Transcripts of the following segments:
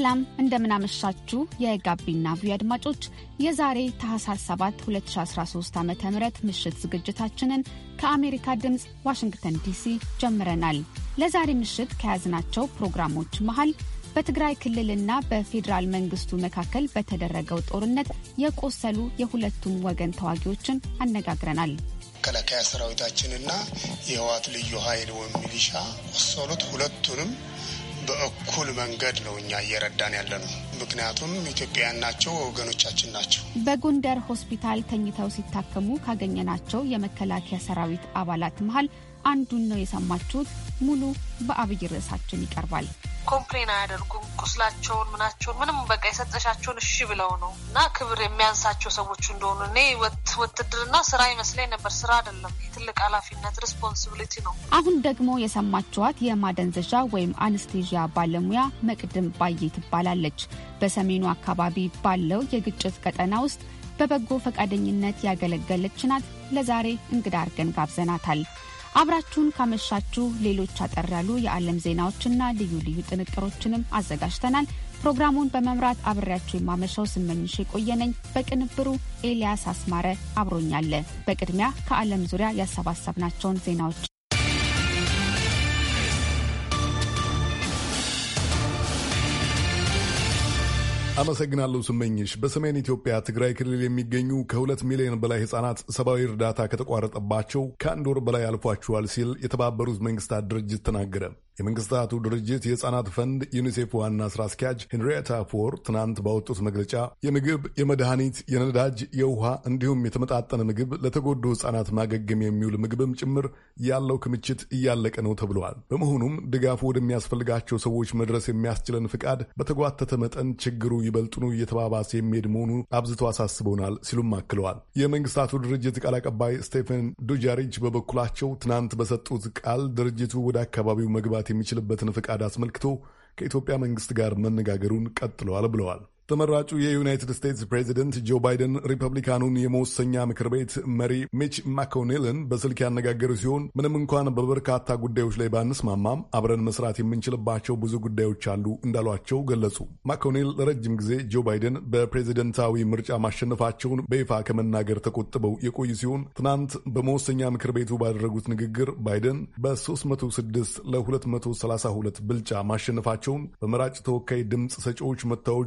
ሰላም እንደምናመሻችሁ የጋቢና ቪ አድማጮች የዛሬ ታህሳስ 7 2013 ዓ ም ምሽት ዝግጅታችንን ከአሜሪካ ድምፅ ዋሽንግተን ዲሲ ጀምረናል። ለዛሬ ምሽት ከያዝናቸው ፕሮግራሞች መሃል በትግራይ ክልልና በፌዴራል መንግስቱ መካከል በተደረገው ጦርነት የቆሰሉ የሁለቱም ወገን ተዋጊዎችን አነጋግረናል። መከላከያ ሰራዊታችንና የህወሓት ልዩ ኃይል ወይም ሚሊሻ ቆሰሉት ሁለቱንም በእኩል መንገድ ነው እኛ እየረዳን ያለ ነው። ምክንያቱም ኢትዮጵያውያን ናቸው፣ ወገኖቻችን ናቸው። በጎንደር ሆስፒታል ተኝተው ሲታከሙ ካገኘናቸው የመከላከያ ሰራዊት አባላት መሀል አንዱን ነው የሰማችሁት። ሙሉ በአብይ ርዕሳችን ይቀርባል። ኮምፕሌን አያደርጉም። ቁስላቸውን ምናቸውን ምንም በቃ የሰጠሻቸውን እሺ ብለው ነው እና ክብር የሚያንሳቸው ሰዎች እንደሆኑ እኔ ውትድርና ስራ ይመስለኝ ነበር። ስራ አይደለም፣ ትልቅ ኃላፊነት ሪስፖንሲቢሊቲ ነው። አሁን ደግሞ የሰማችኋት የማደንዘዣ ወይም አንስቴዥያ ባለሙያ መቅድም ባየ ትባላለች። በሰሜኑ አካባቢ ባለው የግጭት ቀጠና ውስጥ በበጎ ፈቃደኝነት ያገለገለች ናት። ለዛሬ እንግዳ አርገን ጋብዘናታል። አብራችሁን ካመሻችሁ ሌሎች አጠር ያሉ የዓለም ዜናዎችና ልዩ ልዩ ጥንቅሮችንም አዘጋጅተናል። ፕሮግራሙን በመምራት አብሬያችሁ የማመሻው ስመኝሽ የቆየነኝ፣ በቅንብሩ ኤልያስ አስማረ አብሮኛለ። በቅድሚያ ከዓለም ዙሪያ ያሰባሰብናቸውን ዜናዎች አመሰግናለሁ ስመኝሽ። በሰሜን ኢትዮጵያ ትግራይ ክልል የሚገኙ ከሁለት ሚሊዮን በላይ ህጻናት ሰብአዊ እርዳታ ከተቋረጠባቸው ከአንድ ወር በላይ አልፏቸዋል ሲል የተባበሩት መንግስታት ድርጅት ተናገረ። የመንግስታቱ ድርጅት የህፃናት ፈንድ ዩኒሴፍ ዋና ስራ አስኪያጅ ሄንሪየታ ፖር ትናንት ባወጡት መግለጫ የምግብ፣ የመድኃኒት፣ የነዳጅ፣ የውሃ እንዲሁም የተመጣጠነ ምግብ ለተጎዱ ህፃናት ማገገም የሚውል ምግብም ጭምር ያለው ክምችት እያለቀ ነው ተብለዋል። በመሆኑም ድጋፉ ወደሚያስፈልጋቸው ሰዎች መድረስ የሚያስችለን ፍቃድ በተጓተተ መጠን ችግሩ ይበልጥኑ እየተባባሰ የሚሄድ መሆኑ አብዝቶ አሳስበውናል ሲሉም አክለዋል። የመንግስታቱ ድርጅት ቃል አቀባይ ስቴፈን ዱጃሪች በበኩላቸው ትናንት በሰጡት ቃል ድርጅቱ ወደ አካባቢው መግባት የሚችልበትን ፈቃድ አስመልክቶ ከኢትዮጵያ መንግስት ጋር መነጋገሩን ቀጥለዋል ብለዋል። ተመራጩ የዩናይትድ ስቴትስ ፕሬዚደንት ጆ ባይደን ሪፐብሊካኑን የመወሰኛ ምክር ቤት መሪ ሚች ማኮኔልን በስልክ ያነጋገሩ ሲሆን ምንም እንኳን በበርካታ ጉዳዮች ላይ ባንስማማም አብረን መስራት የምንችልባቸው ብዙ ጉዳዮች አሉ እንዳሏቸው ገለጹ። ማኮኔል ለረጅም ጊዜ ጆ ባይደን በፕሬዚደንታዊ ምርጫ ማሸነፋቸውን በይፋ ከመናገር ተቆጥበው የቆዩ ሲሆን ትናንት በመወሰኛ ምክር ቤቱ ባደረጉት ንግግር ባይደን በ306 ለ232 ብልጫ ማሸነፋቸውን በመራጭ ተወካይ ድምፅ ሰጪዎች መታወጁ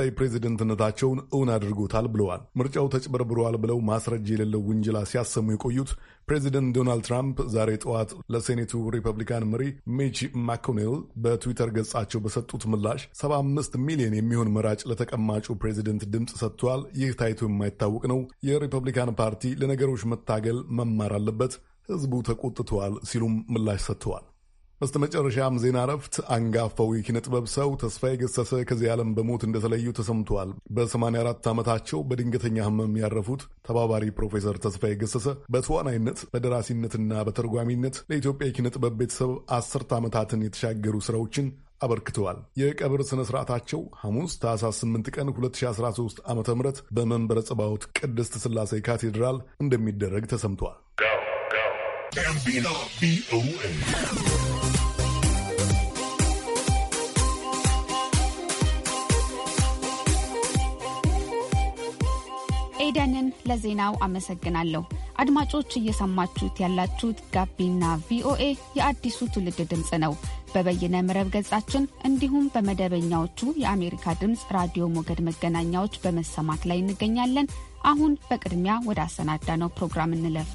ቀጣይ ፕሬዚደንትነታቸውን እውን አድርጎታል ብለዋል። ምርጫው ተጭበርብረዋል ብለው ማስረጃ የሌለው ውንጀላ ሲያሰሙ የቆዩት ፕሬዚደንት ዶናልድ ትራምፕ ዛሬ ጠዋት ለሴኔቱ ሪፐብሊካን መሪ ሚች ማኮኔል በትዊተር ገጻቸው በሰጡት ምላሽ 75 ሚሊዮን የሚሆን መራጭ ለተቀማጩ ፕሬዚደንት ድምፅ ሰጥቷል። ይህ ታይቶ የማይታወቅ ነው። የሪፐብሊካን ፓርቲ ለነገሮች መታገል መማር አለበት። ሕዝቡ ተቆጥተዋል ሲሉም ምላሽ ሰጥተዋል። በስተመጨረሻም ዜና እረፍት አንጋፋው የኪነ ጥበብ ሰው ተስፋዬ ገሰሰ ከዚህ ዓለም በሞት እንደተለዩ ተሰምቷል። በ84 ዓመታቸው በድንገተኛ ህመም ያረፉት ተባባሪ ፕሮፌሰር ተስፋዬ ገሰሰ በተዋናይነት በደራሲነትና በተርጓሚነት ለኢትዮጵያ የኪነ ጥበብ ቤተሰብ አስርተ ዓመታትን የተሻገሩ ሥራዎችን አበርክተዋል። የቀብር ሥነ ሥርዓታቸው ሐሙስ ታኅሳስ 8 ቀን 2013 ዓ ም በመንበረ ጸባዖት ቅድስት ሥላሴ ካቴድራል እንደሚደረግ ተሰምቷል። ለዜናው አመሰግናለሁ። አድማጮች እየሰማችሁት ያላችሁት ጋቢና ቪኦኤ የአዲሱ ትውልድ ድምፅ ነው። በበይነ መረብ ገጻችን እንዲሁም በመደበኛዎቹ የአሜሪካ ድምፅ ራዲዮ ሞገድ መገናኛዎች በመሰማት ላይ እንገኛለን። አሁን በቅድሚያ ወደ አሰናዳ ነው ፕሮግራም እንለፍ።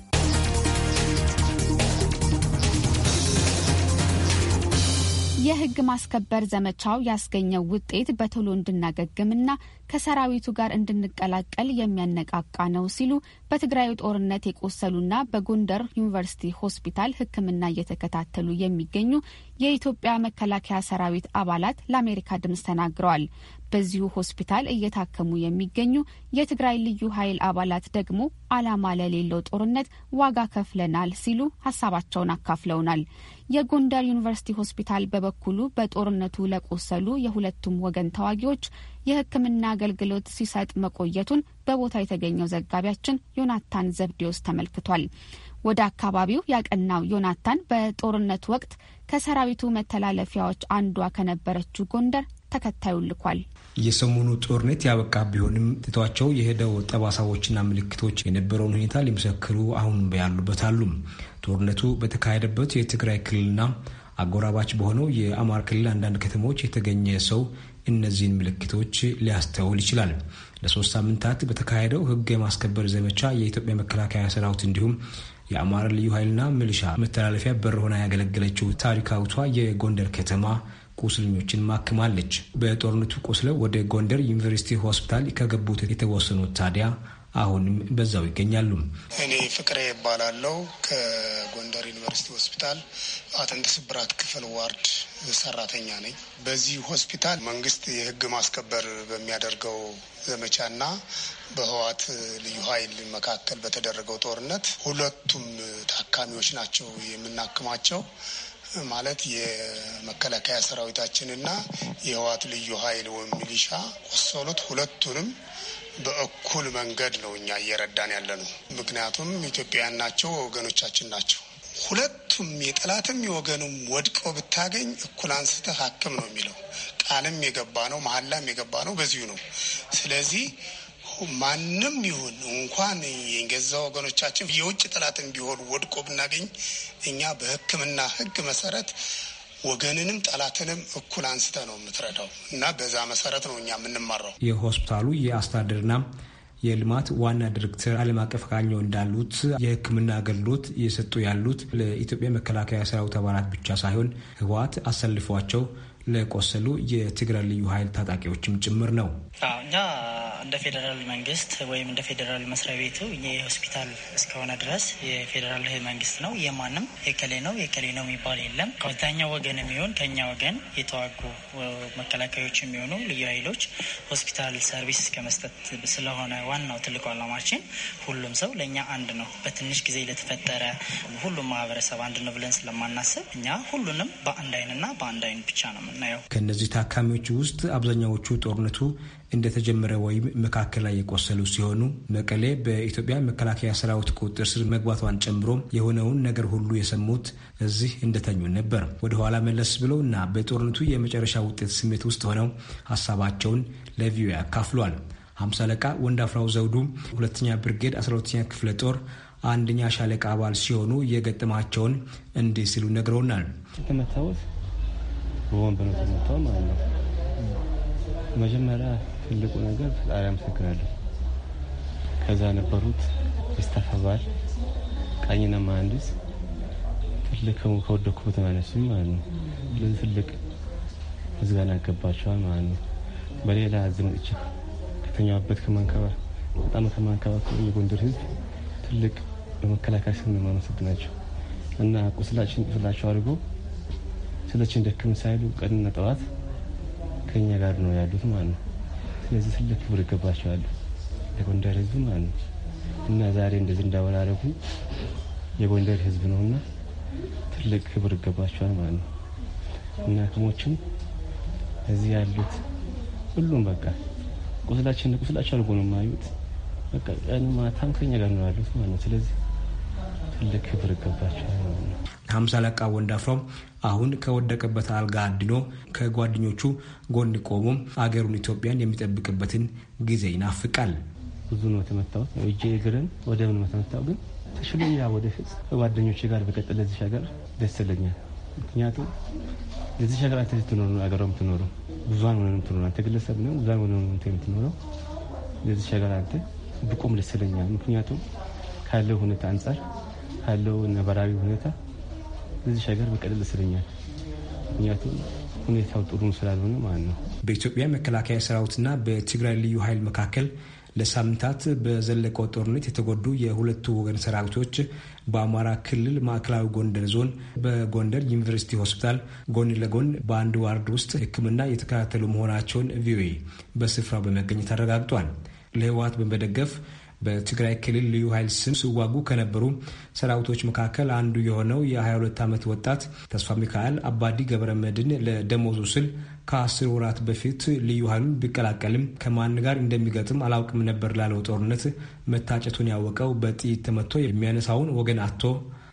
የህግ ማስከበር ዘመቻው ያስገኘው ውጤት በቶሎ እንድናገግምና ከሰራዊቱ ጋር እንድንቀላቀል የሚያነቃቃ ነው ሲሉ በትግራዩ ጦርነት የቆሰሉና በጎንደር ዩኒቨርሲቲ ሆስፒታል ሕክምና እየተከታተሉ የሚገኙ የኢትዮጵያ መከላከያ ሰራዊት አባላት ለአሜሪካ ድምፅ ተናግረዋል። በዚሁ ሆስፒታል እየታከሙ የሚገኙ የትግራይ ልዩ ኃይል አባላት ደግሞ ዓላማ ለሌለው ጦርነት ዋጋ ከፍለናል ሲሉ ሀሳባቸውን አካፍለውናል። የጎንደር ዩኒቨርሲቲ ሆስፒታል በበኩሉ በጦርነቱ ለቆሰሉ የሁለቱም ወገን ተዋጊዎች የሕክምና አገልግሎት ሲሰጥ መቆየቱን በቦታ የተገኘው ዘጋቢያችን ዮናታን ዘብዴዎስ ተመልክቷል። ወደ አካባቢው ያቀናው ዮናታን በጦርነቱ ወቅት ከሰራዊቱ መተላለፊያዎች አንዷ ከነበረችው ጎንደር ተከታዩ ልኳል። የሰሞኑ ጦርነት ያበቃ ቢሆንም ትቷቸው የሄደው ጠባሳዎችና ምልክቶች የነበረውን ሁኔታ ሊመሰክሩ አሁን ያሉበት አሉ። ጦርነቱ በተካሄደበት የትግራይ ክልልና አጎራባች በሆነው የአማራ ክልል አንዳንድ ከተሞች የተገኘ ሰው እነዚህን ምልክቶች ሊያስተውል ይችላል። ለሶስት ሳምንታት በተካሄደው ሕግ የማስከበር ዘመቻ የኢትዮጵያ መከላከያ ሰራዊት እንዲሁም የአማራ ልዩ ኃይልና ሚሊሻ መተላለፊያ በር ሆና ያገለገለችው ታሪካዊቷ የጎንደር ከተማ ቁስለኞችን ማክማለች። በጦርነቱ ቆስለው ወደ ጎንደር ዩኒቨርሲቲ ሆስፒታል ከገቡት የተወሰኑት ታዲያ አሁንም በዛው ይገኛሉ። እኔ ፍቅሬ ይባላለው ከጎንደር ዩኒቨርሲቲ ሆስፒታል አጥንት ስብራት ክፍል ዋርድ ሰራተኛ ነኝ። በዚህ ሆስፒታል መንግስት የህግ ማስከበር በሚያደርገው ዘመቻና በህዋት ልዩ ኃይል መካከል በተደረገው ጦርነት ሁለቱም ታካሚዎች ናቸው የምናክማቸው። ማለት የመከላከያ ሰራዊታችንና የህዋት ልዩ ኃይል ወይም ሚሊሻ ቆሰሉት ሁለቱንም በእኩል መንገድ ነው እኛ እየረዳን ያለ ነው። ምክንያቱም ኢትዮጵያውያን ናቸው፣ ወገኖቻችን ናቸው። ሁለቱም የጠላትም የወገንም ወድቀው ብታገኝ እኩል አንስተህ ሀክም ነው የሚለው ቃልም የገባ ነው፣ መሀላም የገባ ነው። በዚሁ ነው። ስለዚህ ማንም ይሁን እንኳን የገዛ ወገኖቻችን የውጭ ጠላትን ቢሆን ወድቆ ብናገኝ እኛ በሕክምና ሕግ መሰረት ወገንንም ጠላትንም እኩል አንስተ ነው የምትረዳው እና በዛ መሰረት ነው እኛ የምንማራው የሆስፒታሉ የአስተዳደርና የልማት ዋና ዲሬክተር ዓለም አቀፍ ቃኘው እንዳሉት የህክምና አገልግሎት እየሰጡ ያሉት ለኢትዮጵያ መከላከያ ሰራዊት አባላት ብቻ ሳይሆን ህወሓት አሰልፏቸው ለቆሰሉ የትግራይ ልዩ ኃይል ታጣቂዎችም ጭምር ነው። እኛ እንደ ፌዴራል መንግስት ወይም እንደ ፌዴራል መስሪያ ቤቱ የሆስፒታል እስከሆነ ድረስ የፌዴራል መንግስት ነው። የማንም የከሌ ነው የከሌ ነው የሚባል የለም። ከዛኛው ወገን የሚሆን ከኛ ወገን የተዋጉ መከላከያዎች የሚሆኑ ልዩ ኃይሎች ሆስፒታል ሰርቪስ ከመስጠት ስለሆነ ዋናው ትልቁ አላማችን ሁሉም ሰው ለእኛ አንድ ነው። በትንሽ ጊዜ ለተፈጠረ ሁሉም ማህበረሰብ አንድ ነው ብለን ስለማናስብ እኛ ሁሉንም በአንድ አይንና በአንድ አይን ብቻ ነው የምናየው። ከእነዚህ ታካሚዎች ውስጥ አብዛኛዎቹ ጦርነቱ እንደተጀመረ ወይም መካከል ላይ የቆሰሉ ሲሆኑ መቀሌ በኢትዮጵያ መከላከያ ሰራዊት ቁጥጥር ስር መግባቷን ጨምሮ የሆነውን ነገር ሁሉ የሰሙት እዚህ እንደተኙ ነበር። ወደኋላ መለስ ብለው እና በጦርነቱ የመጨረሻ ውጤት ስሜት ውስጥ ሆነው ሀሳባቸውን ለቪዮ አካፍሏል። ሀምሳ አለቃ ወንዳፍራው ዘውዱ ሁለተኛ ብርጌድ አስራ ሁለተኛ ክፍለ ጦር አንደኛ ሻለቃ አባል ሲሆኑ የገጠማቸውን እንዲህ ሲሉ ነግረውናል። በወንብ ነው ተመቷል ማለት ነው። መጀመሪያ ትልቁ ነገር ፈጣሪ አመሰግናለሁ። ከዛ የነበሩት የስታፍ አባል ቃኝና መሀንዲስ ትልቅ ከወደኩበት ማነሱም ማለት ነው። ለዚህ ትልቅ ምስጋና ያገባቸዋል ማለት ነው። በሌላ ዝምጥች ከተኛበት ከማንከባ በጣም ከማንከባከብ የጎንደር ህዝብ ትልቅ በመከላከያ ስም ማመሰግናቸው እና ቁስላችን ቁስላቸው አድርጎ ስለችን ደክም ሳይሉ ቀንና ጠዋት ከኛ ጋር ነው ያሉት ማለት ነው። ስለዚህ ስለ ክብር ይገባቸዋል ለጎንደር ህዝብ ማለት ነው እና ዛሬ እንደዚህ እንዳወራረጉ የጎንደር ህዝብ ነውና ትልቅ ክብር ይገባቸዋል ማለት ነው እና ሐኪሞችም እዚህ ያሉት ሁሉም በቃ ቁስላችን ቁስላቸው አልጎ ነው የማዩት። በቃ ቀን ማታም ከኛ ጋር ነው ያሉት ማለት ነው። ስለዚህ ትልቅ ክብር ይገባቸዋል ማለት ነው። ሀምሳ ለቃ ወንዳፍሮም አሁን ከወደቀበት አልጋ አድኖ ከጓደኞቹ ጎን ቆሞም አገሩን ኢትዮጵያን የሚጠብቅበትን ጊዜ ይናፍቃል። ብዙ ነው የተመታሁት፣ እጄ እግርን ወደ ምን መተመታው ግን ተሽሎኛ። ወደፊት ከጓደኞቼ ጋር በቀጥል ለዚህ ሀገር ደስ ይለኛል። ምክንያቱም ለዚህ ሀገር አንተ ትኖሩ ነው ሀገሯ የምትኖረው ብዙን ሆነ የምትኖረው አንተ ግለሰብ ነው ብዙን ሆነ የምትኖረው ለዚህ ሀገር አንተ ብቁም ደስ ይለኛል። ምክንያቱም ካለው ሁኔታ አንጻር ካለው ነበራዊ ሁኔታ እዚህ ሀገር በቀለል ስለኛል። ምክንያቱም ሁኔታው ጥሩ ስላልሆነ ማለት ነው። በኢትዮጵያ መከላከያ ሰራዊትና በትግራይ ልዩ ኃይል መካከል ለሳምንታት በዘለቀው ጦርነት የተጎዱ የሁለቱ ወገን ሰራዊቶች በአማራ ክልል ማዕከላዊ ጎንደር ዞን በጎንደር ዩኒቨርሲቲ ሆስፒታል ጎን ለጎን በአንድ ዋርድ ውስጥ ሕክምና የተከታተሉ መሆናቸውን ቪኦኤ በስፍራው በመገኘት አረጋግጧል። ለህወሀት በመደገፍ በትግራይ ክልል ልዩ ኃይል ስም ሲዋጉ ከነበሩ ሰራዊቶች መካከል አንዱ የሆነው የ22 ዓመት ወጣት ተስፋ ሚካኤል አባዲ ገብረመድን ለደሞዙ ስል ከአስር ወራት በፊት ልዩ ኃይሉን ቢቀላቀልም ከማን ጋር እንደሚገጥም አላውቅም ነበር ላለው ጦርነት መታጨቱን ያወቀው በጥይት ተመቶ የሚያነሳውን ወገን አቶ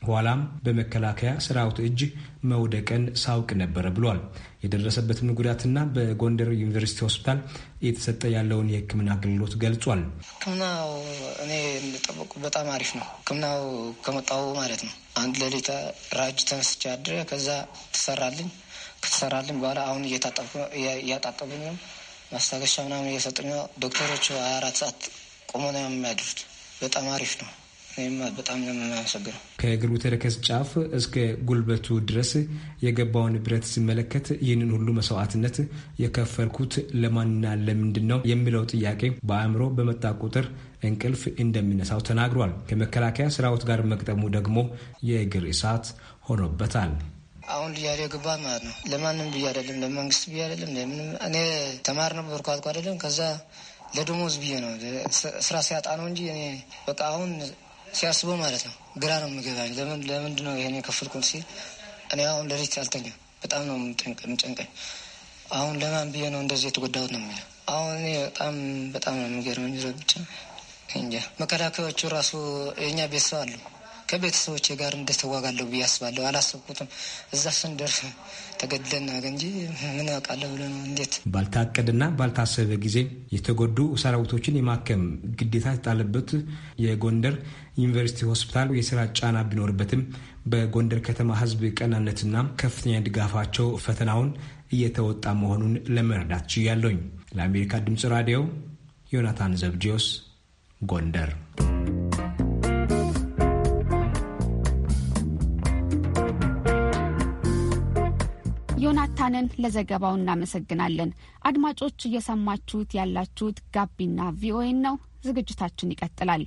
ኋላም በመከላከያ ሰራዊት እጅ መውደቀን ሳውቅ ነበረ ብሏል። የደረሰበትን ጉዳትና በጎንደር ዩኒቨርሲቲ ሆስፒታል እየተሰጠ ያለውን የሕክምና አገልግሎት ገልጿል። ሕክምናው እኔ እንደጠበቁ በጣም አሪፍ ነው። ሕክምናው ከመጣው ማለት ነው። አንድ ሌሊት ራጅ ተነስቼ አድሬ ከዛ ትሰራልኝ ከተሰራልኝ በኋላ አሁን እያጣጠብኝ ነው። ማስታገሻ ምናምን እየሰጡኝ ነው። ዶክተሮቹ ሀያ አራት ሰዓት ቆሞ ነው የሚያድሩት። በጣም አሪፍ ነው። እኔም በጣም ነው ከእግሩ ተረከዝ ጫፍ እስከ ጉልበቱ ድረስ የገባውን ብረት ሲመለከት ይህንን ሁሉ መስዋዕትነት የከፈልኩት ለማንና ለምንድን ነው የሚለው ጥያቄ በአእምሮ በመጣ ቁጥር እንቅልፍ እንደሚነሳው ተናግሯል። ከመከላከያ ሰራዊት ጋር መግጠሙ ደግሞ የእግር እሳት ሆኖበታል። አሁን ልጅ ያለው ግባ ማለት ነው። ለማንም ብዬ አይደለም፣ ለመንግስት ብዬ አይደለም፣ ለምንም እኔ ተማር ነው በርኳትኳ አይደለም። ከዛ ለደሞዝ ብዬ ነው ስራ ሲያጣ ነው እንጂ እኔ በቃ አሁን ሲያስበው ማለት ነው። ግራ ነው የሚገባኝ። ለምን ለምንድ ነው ይሄን የከፈልኩት ሲል እኔ አሁን ለሪት አልተኛም። በጣም ነው የምጨንቀኝ። አሁን ለማን ብዬ ነው እንደዚህ የተጎዳሁት ነው የሚለው አሁን እኔ በጣም በጣም ነው የሚገርመኝ። ብቻ እንጃ መከላከያዎቹ ራሱ የኛ ቤተሰብ አሉ ከቤተሰቦች ጋር እንደተዋጋለሁ ብዬ አስባለሁ። አላሰብኩትም። እዛ ስንደርስ ተገድለና ነገ እንጂ ምን ያውቃለሁ ብሎ ነው እንዴት ባልታቀድና ባልታሰበ ጊዜ የተጎዱ ሰራዊቶችን የማከም ግዴታ የተጣለበት የጎንደር ዩኒቨርሲቲ ሆስፒታል የስራ ጫና ቢኖርበትም በጎንደር ከተማ ህዝብ ቀናነትና ከፍተኛ ድጋፋቸው ፈተናውን እየተወጣ መሆኑን ለመረዳት ችያለኝ። ለአሜሪካ ድምፅ ራዲዮ ዮናታን ዘብዲዮስ ጎንደር። ዮናታንን ለዘገባው እናመሰግናለን። አድማጮች እየሰማችሁት ያላችሁት ጋቢና ቪኦኤ ነው። ዝግጅታችን ይቀጥላል።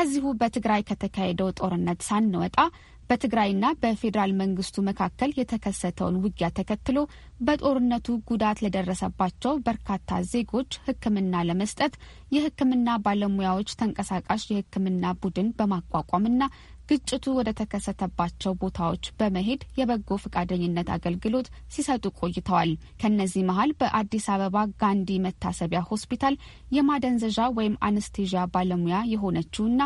ከዚሁ በትግራይ ከተካሄደው ጦርነት ሳንወጣ በትግራይና በፌዴራል መንግስቱ መካከል የተከሰተውን ውጊያ ተከትሎ በጦርነቱ ጉዳት ለደረሰባቸው በርካታ ዜጎች ሕክምና ለመስጠት የሕክምና ባለሙያዎች ተንቀሳቃሽ የሕክምና ቡድን በማቋቋምና ግጭቱ ወደ ተከሰተባቸው ቦታዎች በመሄድ የበጎ ፈቃደኝነት አገልግሎት ሲሰጡ ቆይተዋል። ከነዚህ መሀል በአዲስ አበባ ጋንዲ መታሰቢያ ሆስፒታል የማደንዘዣ ወይም አነስቴዥያ ባለሙያ የሆነችውና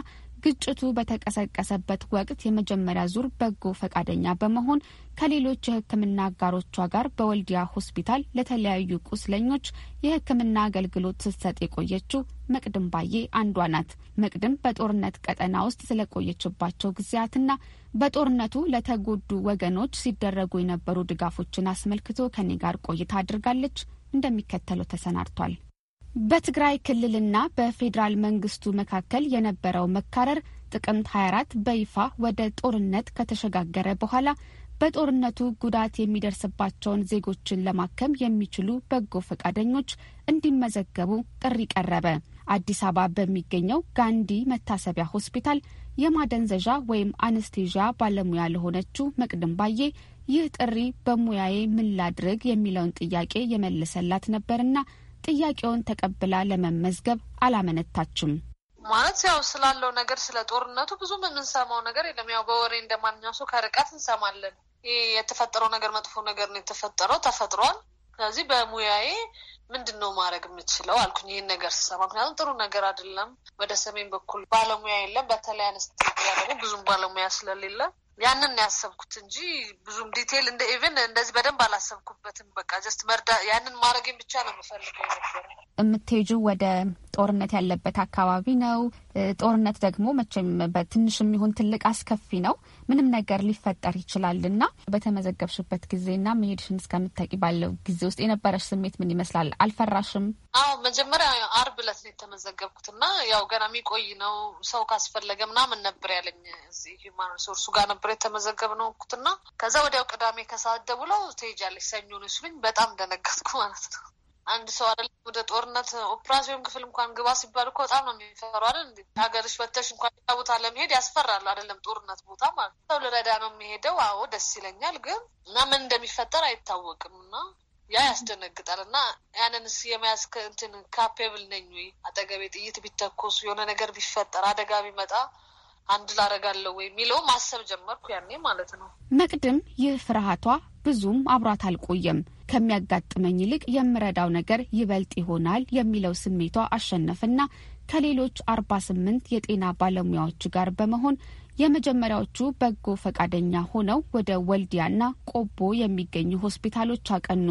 ግጭቱ በተቀሰቀሰበት ወቅት የመጀመሪያ ዙር በጎ ፈቃደኛ በመሆን ከሌሎች የሕክምና አጋሮቿ ጋር በወልዲያ ሆስፒታል ለተለያዩ ቁስለኞች የሕክምና አገልግሎት ስትሰጥ የቆየችው መቅድም ባዬ አንዷ ናት። መቅድም በጦርነት ቀጠና ውስጥ ስለቆየችባቸው ጊዜያትና በጦርነቱ ለተጎዱ ወገኖች ሲደረጉ የነበሩ ድጋፎችን አስመልክቶ ከኔ ጋር ቆይታ አድርጋለች። እንደሚከተለው ተሰናድቷል። በትግራይ ክልልና በፌዴራል መንግስቱ መካከል የነበረው መካረር ጥቅምት 24 በይፋ ወደ ጦርነት ከተሸጋገረ በኋላ በጦርነቱ ጉዳት የሚደርስባቸውን ዜጎችን ለማከም የሚችሉ በጎ ፈቃደኞች እንዲመዘገቡ ጥሪ ቀረበ። አዲስ አበባ በሚገኘው ጋንዲ መታሰቢያ ሆስፒታል የማደንዘዣ ወይም አነስቴዥያ ባለሙያ ለሆነችው መቅድም ባዬ ይህ ጥሪ በሙያዬ ምን ላድርግ የሚለውን ጥያቄ የመለሰላት ነበርና ጥያቄውን ተቀብላ ለመመዝገብ አላመነታችም። ማለት ያው ስላለው ነገር ስለ ጦርነቱ ብዙ የምንሰማው ነገር የለም። ያው በወሬ እንደማንኛው ሰው ከርቀት እንሰማለን። ይህ የተፈጠረው ነገር መጥፎ ነገር ነው የተፈጠረው፣ ተፈጥሯል። ስለዚህ በሙያዬ ምንድን ነው ማድረግ የምችለው አልኩኝ፣ ይህን ነገር ስሰማ። ምክንያቱም ጥሩ ነገር አይደለም። ወደ ሰሜን በኩል ባለሙያ የለም። በተለይ አነስተኛ ደግሞ ብዙም ባለሙያ ስለሌለ ያንን ያሰብኩት እንጂ ብዙም ዲቴል እንደ ኢቨን እንደዚህ በደንብ አላሰብኩበትም። በቃ ጀስት መርዳ ያንን ማድረግን ብቻ ነው የምፈልገው ነበር። የምትሄጁ ወደ ጦርነት ያለበት አካባቢ ነው። ጦርነት ደግሞ መቼም በትንሽም ይሁን ትልቅ አስከፊ ነው። ምንም ነገር ሊፈጠር ይችላል እና በተመዘገብሽበት ጊዜና መሄድሽን እስከምታውቂ ባለው ጊዜ ውስጥ የነበረሽ ስሜት ምን ይመስላል? አልፈራሽም? አዎ መጀመሪያ አርብ ዕለት ነው የተመዘገብኩት እና ያው ገና የሚቆይ ነው ሰው ካስፈለገ ምናምን ነበር ያለኝ እዚህ ሂውማን ሪሶርሱ ጋር ነበር የተመዘገብ ነው ኩትና ከዛ ወዲያው ቅዳሜ ከሰዓት ደውለው ትሄጃለሽ ሰኞ ነው ስሉኝ በጣም ደነገጥኩ ማለት ነው። አንድ ሰው አደለ ወደ ጦርነት ኦፕራሲዮን ክፍል እንኳን ግባ ሲባል እኮ በጣም ነው የሚፈሩ አይደል? እንደ ሀገርሽ ወተሽ እንኳን ሌላ ቦታ ለመሄድ ያስፈራሉ። አይደለም ጦርነት ቦታ ማለት ሰው ልረዳ ነው የሚሄደው። አዎ ደስ ይለኛል፣ ግን እና ምን እንደሚፈጠር አይታወቅም እና ያ ያስደነግጣል። እና ያንን ስ የመያዝ እንትን ካፔብል ነኝ ወይ አጠገቤ ጥይት ቢተኮሱ የሆነ ነገር ቢፈጠር አደጋ ቢመጣ አንድ ላረጋለሁ የሚለው ማሰብ ጀመርኩ ያኔ ማለት ነው። መቅድም ይህ ፍርሃቷ ብዙም አብሯት አልቆየም። ከሚያጋጥመኝ ይልቅ የምረዳው ነገር ይበልጥ ይሆናል የሚለው ስሜቷ አሸነፍና ከሌሎች አርባ ስምንት የጤና ባለሙያዎች ጋር በመሆን የመጀመሪያዎቹ በጎ ፈቃደኛ ሆነው ወደ ወልዲያና ቆቦ የሚገኙ ሆስፒታሎች አቀኑ።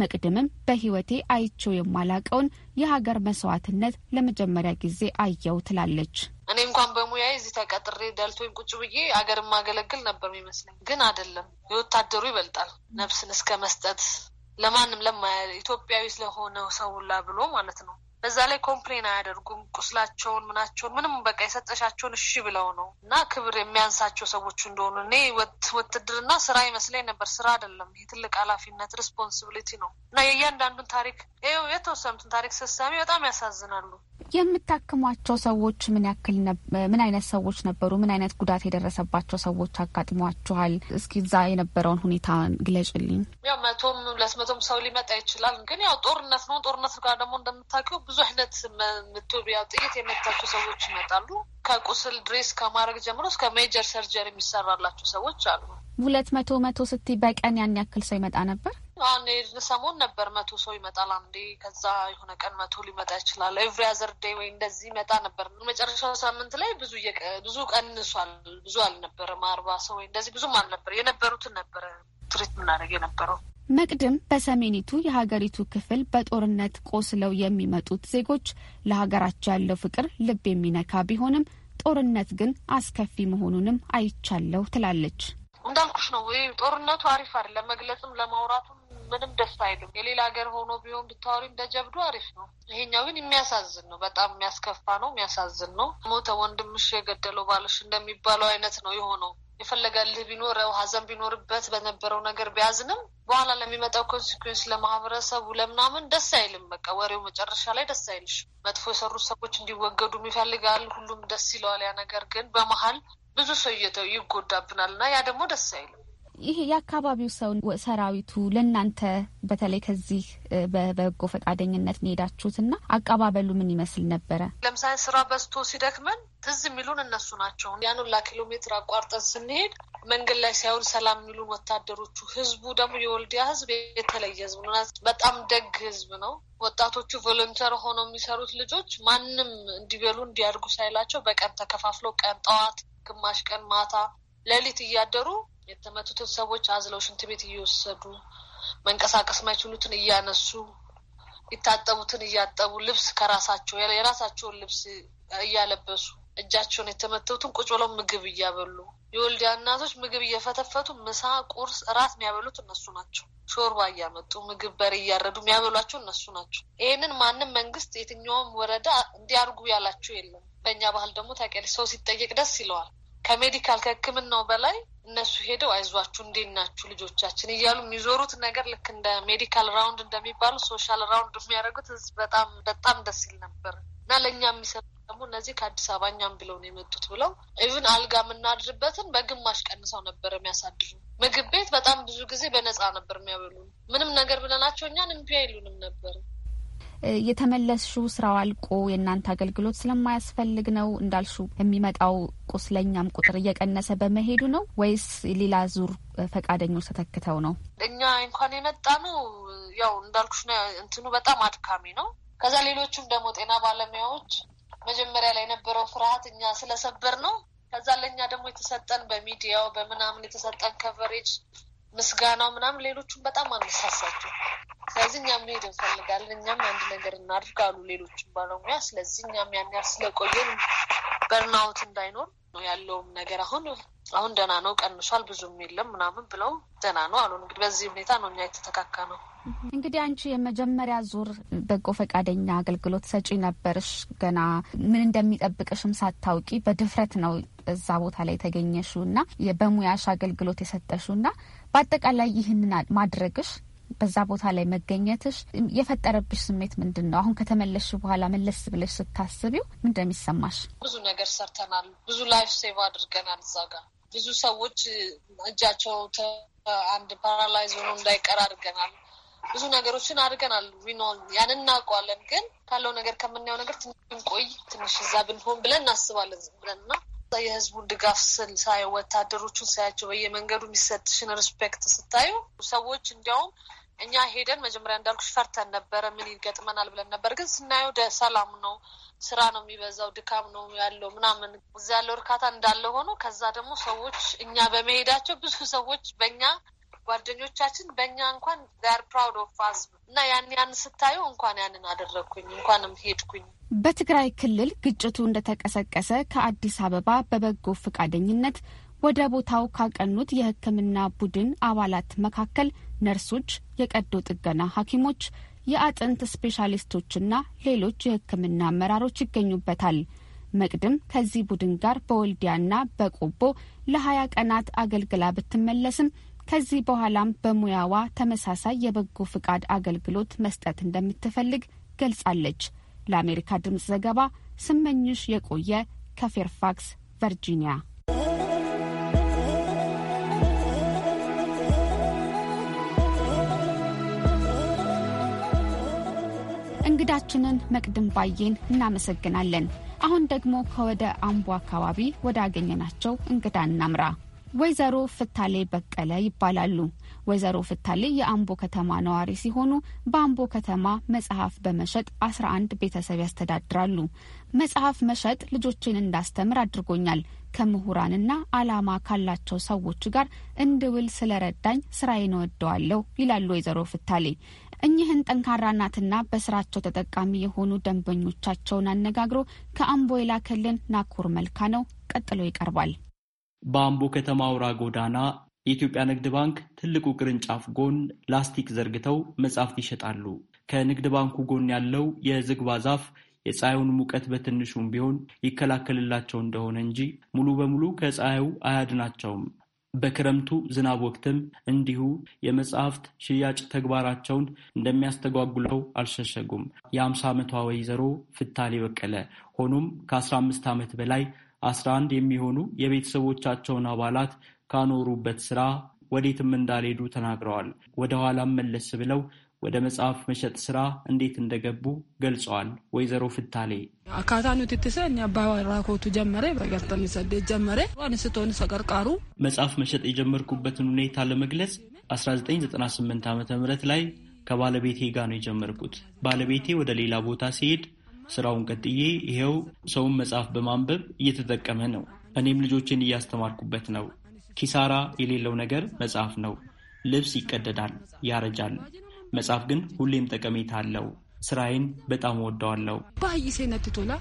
መቅድምም በህይወቴ አይቼው የማላቀውን የሀገር መስዋዕትነት ለመጀመሪያ ጊዜ አየው ትላለች። እኔ እንኳን በሙያ እዚህ ተቀጥሬ ወይም ቁጭ ብዬ ሀገር ማገለግል ነበር ይመስለኝ፣ ግን አይደለም። የወታደሩ ይበልጣል። ነፍስን እስከ መስጠት ለማንም ለማያ ኢትዮጵያዊ ስለሆነው ሰው ብሎ ማለት ነው በዛ ላይ ኮምፕሌን አያደርጉም። ቁስላቸውን ምናቸውን ምንም በቃ የሰጠሻቸውን እሺ ብለው ነው እና ክብር የሚያንሳቸው ሰዎች እንደሆኑ እኔ ውትድርና ስራ ይመስለኝ ነበር። ስራ አይደለም። የትልቅ ኃላፊነት ሪስፖንሲቢሊቲ ነው እና የእያንዳንዱን ታሪክ ይኸው የተወሰኑትን ታሪክ ስሳሚ በጣም ያሳዝናሉ። የምታክሟቸው ሰዎች ምን ያክል ምን አይነት ሰዎች ነበሩ? ምን አይነት ጉዳት የደረሰባቸው ሰዎች አጋጥሟችኋል? እስኪ እዛ የነበረውን ሁኔታ ግለጭልኝ። ያው መቶም ሁለት መቶም ሰው ሊመጣ ይችላል። ግን ያው ጦርነት ነው። ጦርነት ጋር ደግሞ እንደምታውቂው ብዙ አይነት ምቱቢያ ጥይት የመታቸው ሰዎች ይመጣሉ። ከቁስል ድሬስ ከማድረግ ጀምሮ እስከ ሜጀር ሰርጀር የሚሰራላቸው ሰዎች አሉ። ሁለት መቶ መቶ ስቲ በቀን ያን ያክል ሰው ይመጣ ነበር። አንድ ሰሞን ነበር መቶ ሰው ይመጣል አንዴ። ከዛ የሆነ ቀን መቶ ሊመጣ ይችላል። ኤቭሪ አዘር ዴይ ወይ እንደዚህ ይመጣ ነበር። መጨረሻው ሳምንት ላይ ብዙ ብዙ ቀንሷል። ብዙ አልነበረም። አርባ ሰው ወይ እንደዚህ ብዙም አልነበር። የነበሩትን ነበረ ትሪት ምናደርግ የነበረው መቅድም በሰሜኒቱ የሀገሪቱ ክፍል በጦርነት ቆስለው የሚመጡት ዜጎች ለሀገራቸው ያለው ፍቅር ልብ የሚነካ ቢሆንም ጦርነት ግን አስከፊ መሆኑንም አይቻለሁ ትላለች። እንዳልኩሽ ነው ወይ ጦርነቱ አሪፍ አይደለም። ለመግለጽም ለማውራቱም ምንም ደስ አይልም። የሌላ ሀገር ሆኖ ቢሆን ብታወሪ እንደ ጀብዱ አሪፍ ነው። ይሄኛው ግን የሚያሳዝን ነው። በጣም የሚያስከፋ ነው። የሚያሳዝን ነው። ሞተ ወንድምሽ የገደለው ባልሽ እንደሚባለው አይነት ነው የሆነው። የፈለገልህ ቢኖረው ሀዘን ቢኖርበት በነበረው ነገር ቢያዝንም በኋላ ለሚመጣው ኮንሲኩዌንስ ለማህበረሰቡ ለምናምን ደስ አይልም። በቃ ወሬው መጨረሻ ላይ ደስ አይልሽ። መጥፎ የሰሩት ሰዎች እንዲወገዱም ይፈልጋል። ሁሉም ደስ ይለዋል ያ ነገር ግን በመሀል ብዙ ሰው ይጎዳብናል እና ያ ደግሞ ደስ አይልም። ይሄ የአካባቢው ሰው ሰራዊቱ ለእናንተ በተለይ ከዚህ በበጎ ፈቃደኝነት ሄዳችሁትና አቀባበሉ ምን ይመስል ነበረ? ለምሳሌ ስራ በዝቶ ሲደክመን ትዝ የሚሉን እነሱ ናቸው። ያን ሁላ ኪሎ ሜትር አቋርጠን ስንሄድ መንገድ ላይ ሳይሆን ሰላም የሚሉን ወታደሮቹ። ህዝቡ ደግሞ የወልዲያ ህዝብ የተለየ ህዝብ ነው። በጣም ደግ ህዝብ ነው። ወጣቶቹ ቮለንተር ሆነው የሚሰሩት ልጆች ማንም እንዲበሉ እንዲያድጉ ሳይላቸው በቀን ተከፋፍለው ቀን ጠዋት፣ ግማሽ ቀን ማታ፣ ሌሊት እያደሩ የተመቱትን ሰዎች አዝለው ሽንት ቤት እየወሰዱ መንቀሳቀስ ማይችሉትን እያነሱ የታጠቡትን እያጠቡ ልብስ ከራሳቸው የራሳቸውን ልብስ እያለበሱ እጃቸውን የተመተቱትን ቁጭ ብለው ምግብ እያበሉ የወልዲያ እናቶች ምግብ እየፈተፈቱ ምሳ፣ ቁርስ፣ እራት የሚያበሉት እነሱ ናቸው። ሾርባ እያመጡ ምግብ በሬ እያረዱ የሚያበሏቸው እነሱ ናቸው። ይህንን ማንም መንግስት የትኛውም ወረዳ እንዲያርጉ ያላቸው የለም። በእኛ ባህል ደግሞ ታውቂያለሽ ሰው ሲጠየቅ ደስ ይለዋል። ከሜዲካል ከህክምናው በላይ እነሱ ሄደው አይዟችሁ እንዴት ናችሁ ልጆቻችን እያሉ የሚዞሩት ነገር ልክ እንደ ሜዲካል ራውንድ እንደሚባሉ ሶሻል ራውንድ የሚያደርጉት በጣም በጣም ደስ ይል ነበር እና ለእኛ የሚሰሩ ደግሞ እነዚህ ከአዲስ አበባ እኛም ብለው ነው የመጡት ብለው ኢቭን አልጋ የምናድርበትን በግማሽ ቀንሰው ነበር የሚያሳድሩ። ምግብ ቤት በጣም ብዙ ጊዜ በነፃ ነበር የሚያበሉ። ምንም ነገር ብለናቸው እኛን እምቢ አይሉንም ነበር። የተመለስሹ ስራው አልቆ የእናንተ አገልግሎት ስለማያስፈልግ ነው እንዳልሹ የሚመጣው ቁስለኛም ቁጥር እየቀነሰ በመሄዱ ነው ወይስ ሌላ ዙር ፈቃደኞች ተተክተው ነው? እኛ እንኳን የመጣ ነው ያው እንዳልኩሽ እንትኑ በጣም አድካሚ ነው። ከዛ ሌሎቹም ደግሞ ጤና ባለሙያዎች መጀመሪያ ላይ የነበረው ፍርሃት እኛ ስለሰበር ነው። ከዛ ለእኛ ደግሞ የተሰጠን በሚዲያው በምናምን የተሰጠን ከቨሬጅ ምስጋናው ምናምን ሌሎቹም በጣም አነሳሳቸው። ስለዚህ እኛም መሄድ እንፈልጋለን፣ እኛም አንድ ነገር እናድርግ አሉ ሌሎችም ባለሙያ። ስለዚህ እኛም ያን ያህል ስለቆየን በርናውት እንዳይኖር ነው ያለውም ነገር አሁን አሁን ደህና ነው ቀንሷል፣ ብዙም የለም ምናምን ብለው ደህና ነው አሉ። እንግዲህ በዚህ ሁኔታ ነው እኛ የተተካካ ነው። እንግዲህ አንቺ የመጀመሪያ ዙር በጎ ፈቃደኛ አገልግሎት ሰጪ ነበርሽ። ገና ምን እንደሚጠብቅሽም ሳታውቂ በድፍረት ነው እዛ ቦታ ላይ የተገኘሹ እና በሙያሽ አገልግሎት የሰጠሹ እና በአጠቃላይ ይህንን ማድረግሽ በዛ ቦታ ላይ መገኘትሽ የፈጠረብሽ ስሜት ምንድን ነው? አሁን ከተመለሽ በኋላ መለስ ብለሽ ስታስቢው ምንድን ብዙ ነገር ሰርተናል። ብዙ ላይፍ ሴቭ አድርገናል። እዛ ጋር ብዙ ሰዎች እጃቸው አንድ ፓራላይዝ ሆኖ እንዳይቀር አድርገናል። ብዙ ነገሮችን አድርገናል። ዊኖል ያን እናውቀዋለን። ግን ካለው ነገር ከምናየው ነገር ትንሽ ብንቆይ ትንሽ እዛ ብንሆን ብለን እናስባለን ብለንና የህዝቡን ድጋፍ ስል ሳይ ወታደሮቹን ሳያቸው በየመንገዱ የሚሰጥሽን ሪስፔክት ስታዩ ሰዎች እንዲያውም እኛ ሄደን መጀመሪያ እንዳልኩሽ ፈርተን ነበረ፣ ምን ይገጥመናል ብለን ነበር። ግን ስናየው ደ ሰላም ነው፣ ስራ ነው የሚበዛው፣ ድካም ነው ያለው ምናምን፣ እዚ ያለው እርካታ እንዳለ ሆኖ ከዛ ደግሞ ሰዎች እኛ በመሄዳቸው ብዙ ሰዎች በእኛ ጓደኞቻችን በእኛ እንኳን ዳር ፕራውድ ኦፍ አስ እና ያን ያን ስታዩ እንኳን ያንን አደረግኩኝ እንኳንም ሄድኩኝ። በትግራይ ክልል ግጭቱ እንደተቀሰቀሰ ከአዲስ አበባ በበጎ ፈቃደኝነት ወደ ቦታው ካቀኑት የሕክምና ቡድን አባላት መካከል ነርሶች፣ የቀዶ ጥገና ሐኪሞች፣ የአጥንት ስፔሻሊስቶችና ሌሎች የሕክምና አመራሮች ይገኙበታል። መቅድም ከዚህ ቡድን ጋር በወልዲያና በቆቦ ለሀያ ቀናት አገልግላ ብትመለስም ከዚህ በኋላም በሙያዋ ተመሳሳይ የበጎ ፍቃድ አገልግሎት መስጠት እንደምትፈልግ ገልጻለች። ለአሜሪካ ድምፅ ዘገባ ስመኝሽ የቆየ ከፌርፋክስ ቨርጂኒያ። እንግዳችንን መቅድም ባዬን እናመሰግናለን። አሁን ደግሞ ከወደ አምቦ አካባቢ ወዳገኘናቸው እንግዳ እናምራ። ወይዘሮ ፍታሌ በቀለ ይባላሉ። ወይዘሮ ፍታሌ የአምቦ ከተማ ነዋሪ ሲሆኑ በአምቦ ከተማ መጽሐፍ በመሸጥ አስራ አንድ ቤተሰብ ያስተዳድራሉ። መጽሐፍ መሸጥ ልጆችን እንዳስተምር አድርጎኛል። ከምሁራንና አላማ ካላቸው ሰዎች ጋር እንድውል ስለረዳኝ ስራዬን እወደዋለሁ ይላሉ ወይዘሮ ፍታሌ። እኚህን ጠንካራ በስራቸው ተጠቃሚ የሆኑ ደንበኞቻቸውን አነጋግሮ ከአምቦ የላከልን ናኩር መልካ ነው። ቀጥሎ ይቀርባል። በአምቦ ከተማ አውራ ጎዳና የኢትዮጵያ ንግድ ባንክ ትልቁ ቅርንጫፍ ጎን ላስቲክ ዘርግተው መጻሕፍት ይሸጣሉ። ከንግድ ባንኩ ጎን ያለው የዝግባ ዛፍ የፀሐዩን ሙቀት በትንሹም ቢሆን ይከላከልላቸው እንደሆነ እንጂ ሙሉ በሙሉ ከፀሐዩ አያድናቸውም። በክረምቱ ዝናብ ወቅትም እንዲሁ የመጽሐፍት ሽያጭ ተግባራቸውን እንደሚያስተጓጉለው አልሸሸጉም። የአምሳ ዓመቷ ወይዘሮ ፍታሌ በቀለ ሆኖም ከ15 ዓመት በላይ 11 የሚሆኑ የቤተሰቦቻቸውን አባላት ካኖሩበት ስራ ወዴትም እንዳልሄዱ ተናግረዋል። ወደ ኋላም መለስ ብለው ወደ መጽሐፍ መሸጥ ስራ እንዴት እንደገቡ ገልጸዋል። ወይዘሮ ፍታሌ አካታኑ ትትሰ ባራኮቱ ጀመረ በገርጠሚ ጀመረ አንስቶን ሰቀርቃሩ መጽሐፍ መሸጥ የጀመርኩበትን ሁኔታ ለመግለጽ 1998 ዓ ም ላይ ከባለቤቴ ጋር ነው የጀመርኩት። ባለቤቴ ወደ ሌላ ቦታ ሲሄድ ስራውን ቀጥዬ ይኸው ሰውን መጽሐፍ በማንበብ እየተጠቀመ ነው። እኔም ልጆችን እያስተማርኩበት ነው። ኪሳራ የሌለው ነገር መጽሐፍ ነው። ልብስ ይቀደዳል፣ ያረጃል መጽሐፍ ግን ሁሌም ጠቀሜታ አለው። ስራዬን በጣም ወደዋለሁ። ባይሴነት ቶላ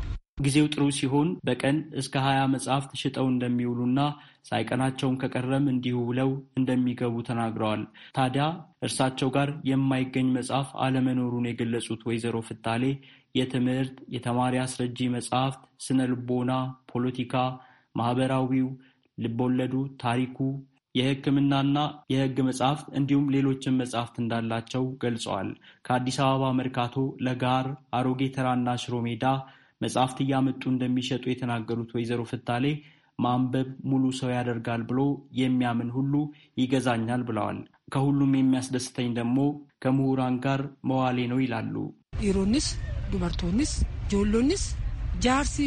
ጊዜው ጥሩ ሲሆን በቀን እስከ ሀያ መጽሐፍት ሽጠው እንደሚውሉና ሳይቀናቸውን ከቀረም እንዲሁ ውለው እንደሚገቡ ተናግረዋል። ታዲያ እርሳቸው ጋር የማይገኝ መጽሐፍ አለመኖሩን የገለጹት ወይዘሮ ፍታሌ የትምህርት፣ የተማሪ አስረጂ መጽሐፍት፣ ስነ ልቦና፣ ፖለቲካ፣ ማህበራዊው፣ ልቦለዱ፣ ታሪኩ፣ የሕክምናና የሕግ መጽሐፍት እንዲሁም ሌሎችን መጽሐፍት እንዳላቸው ገልጸዋል። ከአዲስ አበባ መርካቶ፣ ለጋር፣ አሮጌ ተራና ሽሮ ሜዳ መጽሐፍት እያመጡ እንደሚሸጡ የተናገሩት ወይዘሮ ፍታሌ ማንበብ ሙሉ ሰው ያደርጋል ብሎ የሚያምን ሁሉ ይገዛኛል ብለዋል። ከሁሉም የሚያስደስተኝ ደግሞ ከምሁራን ጋር መዋሌ ነው ይላሉ። ሮኒስ ዱበርቶኒስ ጆሎኒስ ጃርሲ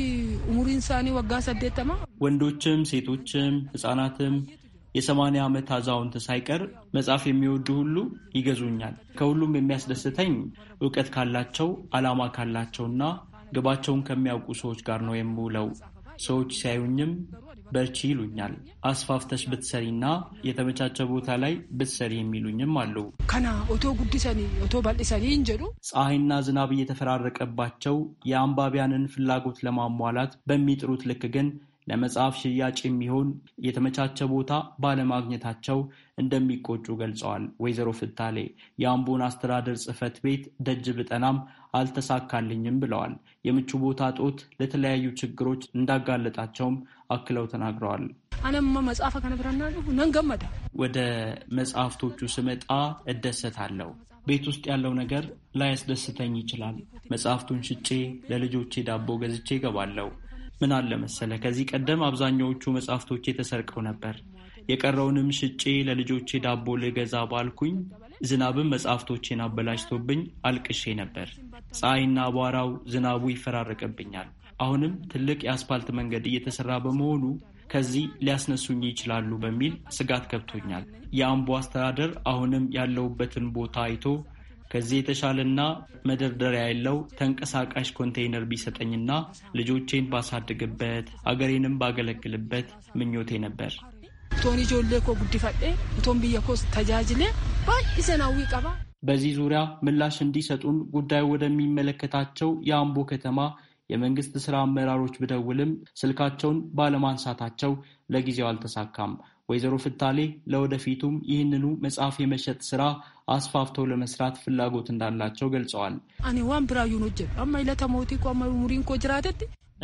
ሙሪንሳኒ ወጋ ሰደተማ ወንዶችም ሴቶችም ህጻናትም የሰማንያ ዓመት አዛውንት ሳይቀር መጽሐፍ የሚወዱ ሁሉ ይገዙኛል። ከሁሉም የሚያስደስተኝ እውቀት ካላቸው ዓላማ ካላቸውና ግባቸውን ከሚያውቁ ሰዎች ጋር ነው የምውለው። ሰዎች ሲያዩኝም በርቺ ይሉኛል። አስፋፍተሽ ብትሰሪና የተመቻቸ ቦታ ላይ ብትሰሪ የሚሉኝም አሉ። ከና ኦቶ ጉዲሰኒ ኦቶ ባልሰኒ እንጀሉ ፀሐይና ዝናብ እየተፈራረቀባቸው የአንባቢያንን ፍላጎት ለማሟላት በሚጥሩት ልክ ግን ለመጽሐፍ ሽያጭ የሚሆን የተመቻቸ ቦታ ባለማግኘታቸው እንደሚቆጩ ገልጸዋል። ወይዘሮ ፍታሌ የአምቦን አስተዳደር ጽህፈት ቤት ደጅ ብጠናም አልተሳካልኝም ብለዋል። የምቹ ቦታ ጦት ለተለያዩ ችግሮች እንዳጋለጣቸውም አክለው ተናግረዋል። አነማ መጽሐፈ ከነብረና ነንገመዳ ወደ መጽሐፍቶቹ ስመጣ እደሰታለሁ። ቤት ውስጥ ያለው ነገር ላያስደስተኝ ይችላል። መጽሐፍቱን ሽጬ ለልጆቼ ዳቦ ገዝቼ ይገባለሁ። ምን አለ መሰለ ከዚህ ቀደም አብዛኛዎቹ መጽሐፍቶቼ ተሰርቀው ነበር። የቀረውንም ሽጬ ለልጆቼ ዳቦ ልገዛ ባልኩኝ ዝናብን መጽሐፍቶቼን አበላሽቶብኝ አልቅሼ ነበር። ፀሐይና አቧራው፣ ዝናቡ ይፈራረቅብኛል። አሁንም ትልቅ የአስፓልት መንገድ እየተሰራ በመሆኑ ከዚህ ሊያስነሱኝ ይችላሉ በሚል ስጋት ከብቶኛል። የአምቦ አስተዳደር አሁንም ያለውበትን ቦታ አይቶ ከዚህ የተሻለና መደርደሪያ ያለው ተንቀሳቃሽ ኮንቴይነር ቢሰጠኝና ልጆቼን ባሳድግበት አገሬንም ባገለግልበት ምኞቴ ነበር። ጉዲፈጤ ቶን ተጃጅሌ ባይሰናዊ ቀባ በዚህ ዙሪያ ምላሽ እንዲሰጡን ጉዳዩ ወደሚመለከታቸው የአምቦ ከተማ የመንግስት ስራ አመራሮች ብደውልም ስልካቸውን ባለማንሳታቸው ለጊዜው አልተሳካም። ወይዘሮ ፍታሌ ለወደፊቱም ይህንኑ መጽሐፍ የመሸጥ ስራ አስፋፍተው ለመስራት ፍላጎት እንዳላቸው ገልጸዋል።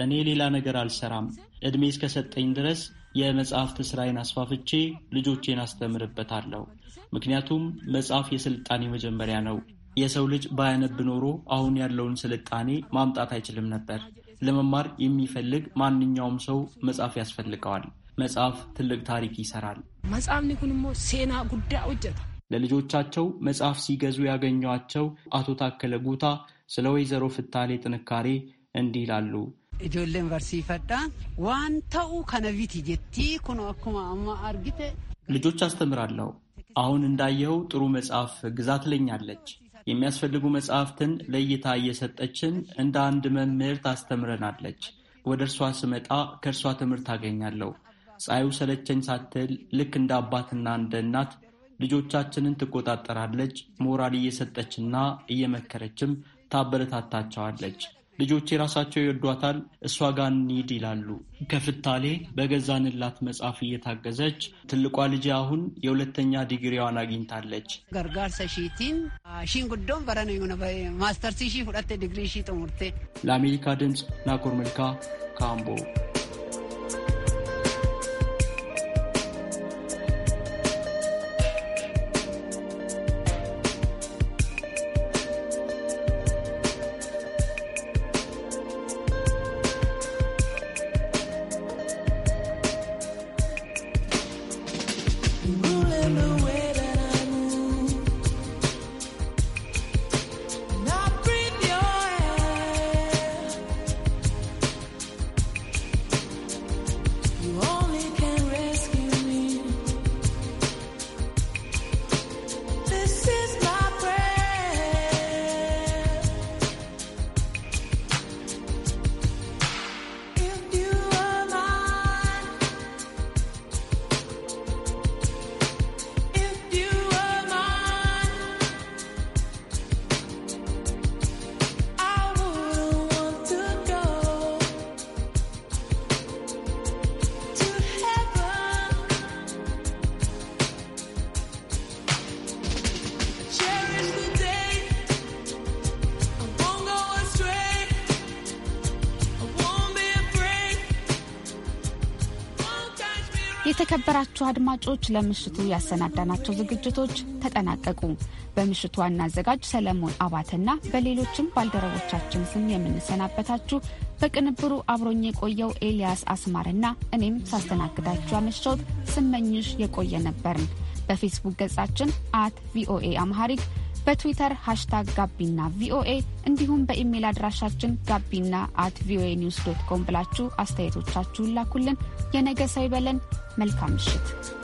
እኔ ሌላ ነገር አልሰራም። እድሜ እስከሰጠኝ ድረስ የመጽሐፍት ስራዬን አስፋፍቼ ልጆቼን አስተምርበታለሁ። ምክንያቱም መጽሐፍ የስልጣኔ መጀመሪያ ነው። የሰው ልጅ ባያነብ ኖሮ አሁን ያለውን ስልጣኔ ማምጣት አይችልም ነበር። ለመማር የሚፈልግ ማንኛውም ሰው መጽሐፍ ያስፈልገዋል። መጽሐፍ ትልቅ ታሪክ ይሰራል። መጽሐፍኒ ኩንሞ ሴና ጉዳ ውጀታ ለልጆቻቸው መጽሐፍ ሲገዙ ያገኟቸው አቶ ታከለ ጉታ ስለ ወይዘሮ ፍታሌ ጥንካሬ እንዲህ ይላሉ። ኢጆሌን በርሲፈዳ ዋን ተኡ ከነቪት ጀቲ ኩኖ አኩማ አማ አርጊተ ልጆች አስተምራለሁ። አሁን እንዳየኸው ጥሩ መጽሐፍ ግዛ ትለኛለች። የሚያስፈልጉ መጽሐፍትን ለእይታ እየሰጠችን እንደ አንድ መምህር ታስተምረናለች። ወደ እርሷ ስመጣ ከእርሷ ትምህርት አገኛለሁ። ፀሐዩ ሰለቸኝ ሳትል ልክ እንደ አባትና እንደ እናት ልጆቻችንን ትቆጣጠራለች። ሞራል እየሰጠችና እየመከረችም ታበረታታቸዋለች። ልጆች የራሳቸው ይወዷታል። እሷ ጋር እንሂድ ይላሉ። ከፍታሌ በገዛንላት መጽሐፍ እየታገዘች ትልቋ ልጅ አሁን የሁለተኛ ዲግሪዋን አግኝታለች። ገርጋርሰ ሺቲን ሺን በረነ ማስተርሲ ሺ ሁለት ዲግሪ ሺ ጥሙርቴ ለአሜሪካ ድምፅ ናኮር መልካ ካምቦ የተከበራችሁ አድማጮች ለምሽቱ ያሰናዳናቸው ዝግጅቶች ተጠናቀቁ። በምሽቱ ዋና አዘጋጅ ሰለሞን አባተና በሌሎችም ባልደረቦቻችን ስም የምንሰናበታችሁ በቅንብሩ አብሮኝ የቆየው ኤልያስ አስማርና እኔም ሳስተናግዳችሁ አመሻውት ስመኝሽ የቆየ ነበርን። በፌስቡክ ገጻችን አት ቪኦኤ አምሃሪክ በትዊተር ሃሽታግ ጋቢና ቪኦኤ እንዲሁም በኢሜይል አድራሻችን ጋቢና አት ቪኦኤ ኒውስ ዶት ኮም ብላችሁ አስተያየቶቻችሁን ላኩልን። የነገ ሰው ይበለን። መልካም ምሽት።